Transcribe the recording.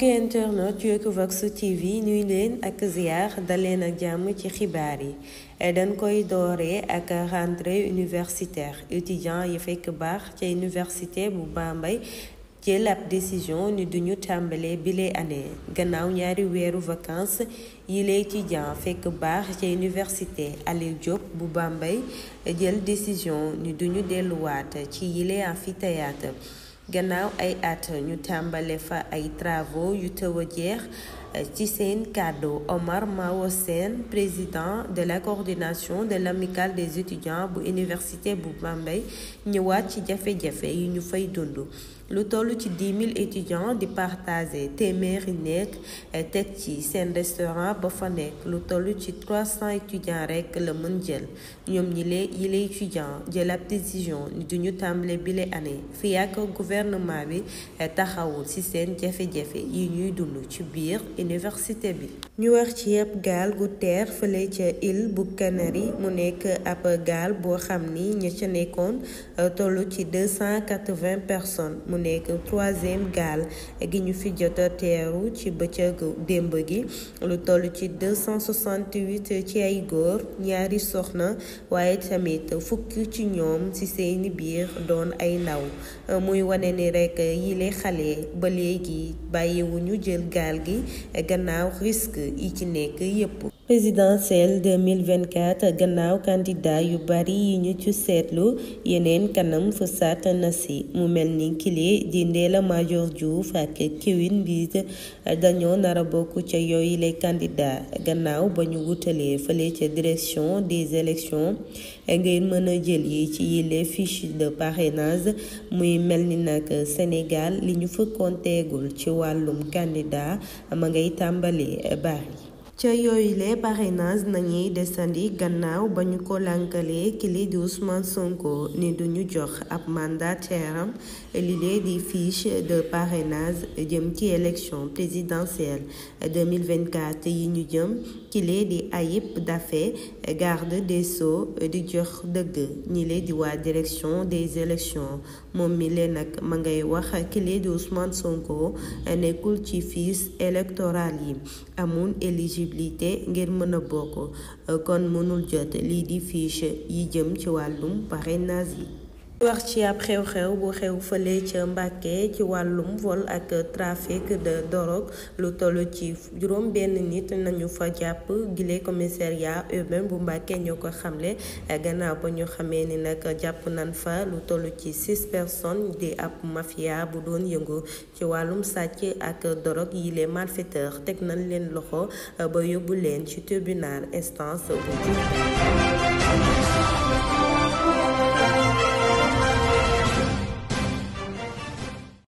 mbokki internet yu Equivox TV nuy leen ak ziar daleen ak jàmm ci xibaar yi dañ koy dooree ak rentrée universitaire étudiant yi fekk baax ca université bu Bambey jël ab décision ni duñu tàmbalee bile année gannaaw ñaari weeru vacances yile la étudiant fekk baax ca université Aliou Diop bu Bambey jël décision ni duñu delluwaat ci yile amphithéâtre gannaaw ay at ñu tàmbale fa ay travo yu tëw a jeex ci seen kàddu Omar Mawo seen président de la coordination de l'amicale des étudiants bu université bu Bambey ñëwaat ci jafe-jafe yi ñu fay dundu lu toll ci dix mille étudiants di partage téeméeri nekk eh, teg ci seen restaurant ba fa nekk lu toll ci trois cent étudiants rekk la mën jël ñoom ñi yile étudiants jël décision du ñu tàmbale bile année fii ak gouvernement bi eh, taxawul ci seen jafe-jafe yi ñuy dund ci biir université bi ñu wax ci ab gaal gu teer fële ca île bu Canary mu nekk ab gaal boo xam ni ña ca nekkoon euh, toll ci deux cent quatre-vingts mu nekk troisième gaal gi ñu fi jota a teeru ci bëccëgu démb gi lu toll ci deux cent soixante ci ay góor ñaari soxna waaye tamit fukk ci ñoom ci seeni biir doon ay ndaw euh, muy wane ni rekk yile xale ba léegi bàyyiwuñu jël gaal gi gannaaw risque yi ci nekk yépp présidentielle 2024 gannaaw candidat yu bari yi ñu ci seetlu yeneen kanam fësaat na si mu mel ni kile di Ndella Madior Diouf ak Kiwin Mbir dañoo nara bokk ca yooyu les candidats gannaaw ba ñu wutalee fële ca direction des élections ngir mën a jël yi ci yile fiche de parrainage muy mel ni nag Sénégal li ñu fëkkoon teegul ci wàllum candidat ma ngay tàmbali bari ca yooyule parrainage nañuy desandi gannaaw ba ñu ko lànkalee kili di Ousmane Sonko ni duñu jox ab mandataire am lile di fiche de parrainage jëm ci élection présidentielle 2024 yi ñu jëm kile di Ayib Daffé garde des Sceaux di jox dëgg ñile di waa direction des élections moom mi leen ma ngay wax kile di Ousmane Sonko nekkul ci fiche électoral yi amul éligible éligibilité ngir mën a bokk kon mënul jot lii di fiche yi jëm ci wàllum parrainage yi wax ci ab xew-xew bu xew fële ca Mbàkke ci wàllum vol ak trafic de drogue lu toll ci juróom benn nit nañu fa jàpp gile commissariat urbain bu Mbàkke ñoo ko xamle gannaaw ba ñu xamee ni nag jàpp nan fa lu toll ci six di ab mafia bu doon yëngu ci wàllum sàcc ak dorog yile les malfaiteurs teg nañ leen loxo ba yóbbu leen ci tribunal instance bu